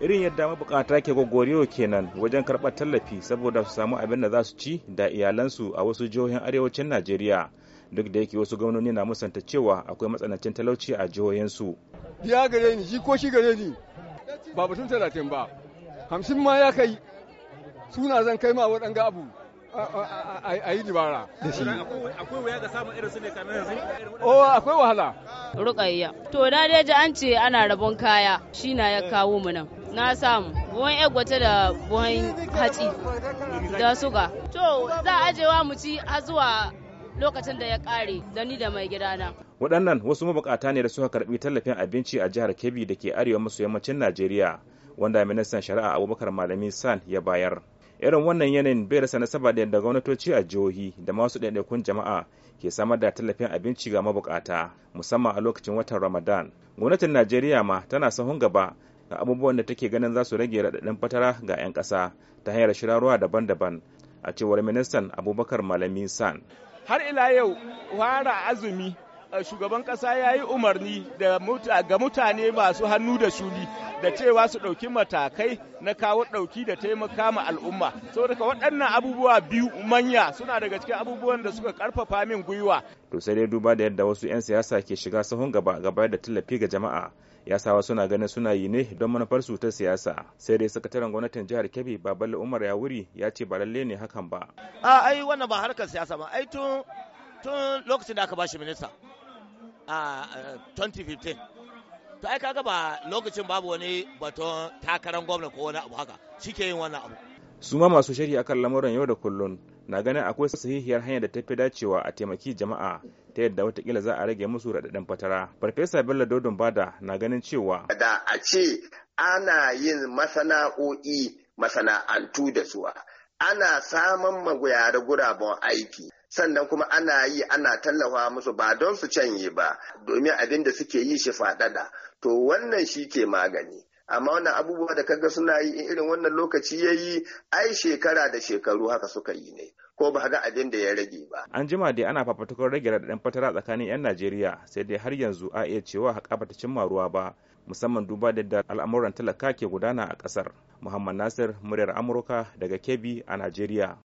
Irin yadda mabukata ke gogoriyo kenan wajen karɓar tallafi saboda su samu abin da za su ci da iyalansu a wasu jihohin arewacin Najeriya. Duk da yake wasu gwamnoni na musanta cewa akwai matsanancin talauci a jihohinsu. Ya gare ni, shi ko shi gare ni, ba batun talatin ba, hamsin ma ya kai, suna zan kai ma waɗanga abu. a yi dibara da shi akwai wuya ga samun irin su ne kamar yanzu oh akwai wahala rukayya to na dai ji an ce ana rabon kaya shi na ya kawo mu nan na samu buhon egwata da buhon hatsi da suga to za a ajewa mu ci har zuwa lokacin da ya kare da ni da mai gidana. Waɗannan wasu mabukata ne da suka karɓi tallafin abinci a jihar Kebbi da ke arewa maso yammacin Najeriya. wanda ministan shari'a abubakar malami san ya bayar irin wannan yanayin bai rasa nasaba da yadda gwamnatoci a jihohi da masu ɗaiɗaikun jama'a ke samar da tallafin abinci ga mabukata musamman a lokacin watan ramadan gwamnatin najeriya ma tana sahun gaba ga abubuwan da take ganin za su rage raɗaɗin fatara ga 'yan ƙasa ta hanyar shirarwa daban-daban a cewar ministan abubakar malami san har ila yau fara azumi shugaban kasa ya yi umarni ga mutane masu hannu da shuni da cewa su ɗauki matakai na kawo ɗauki da taimaka ma al'umma saboda waɗannan abubuwa biyu manya suna daga cikin abubuwan da suka karfafa min gwiwa to sai dai duba da yadda wasu 'yan siyasa ke shiga sahun gaba gaba da tallafi ga jama'a wasu suna ganin suna yi ne don manufar su ta siyasa sai dai sakataren gwamnatin jihar kebbi baballe umar ya wuri ya ce ba lalle ne hakan ba a ai wannan ba harkar siyasa ba ai tun tun lokacin da aka bashi minista a 2015 to ai kaga ba lokacin babu wani baton takarar gwamna ko wani abu haka shike yin wannan abu su ma masu a kan lamuran yau da kullun na ganin akwai sahihiyar hanyar da ta fi dacewa a taimaki jama'a ta yadda watakila za a rage musu raɗaɗin fatara farfesa bello dodon bada na ganin cewa da a ce ana yin masana'o'i masana'antu da suwa ana samun magoya guraben aiki sannan kuma ana yi ana tallafa musu ba don su canye ba domin abin da suke yi shi faɗaɗa to wannan shi ke magani amma wannan abubuwa da kaga suna yi in irin wannan lokaci ya yi ai shekara da shekaru haka suka yi ne ko ba ga abin da ya rage ba. An jima dai ana fafatukar rage raɗaɗin fatara tsakanin 'yan Najeriya sai dai har yanzu a iya cewa haƙa bata cimma ruwa ba musamman duba da yadda al'amuran talaka ke gudana a ƙasar. Muhammad Nasir muryar Amurka daga Kebbi a Najeriya.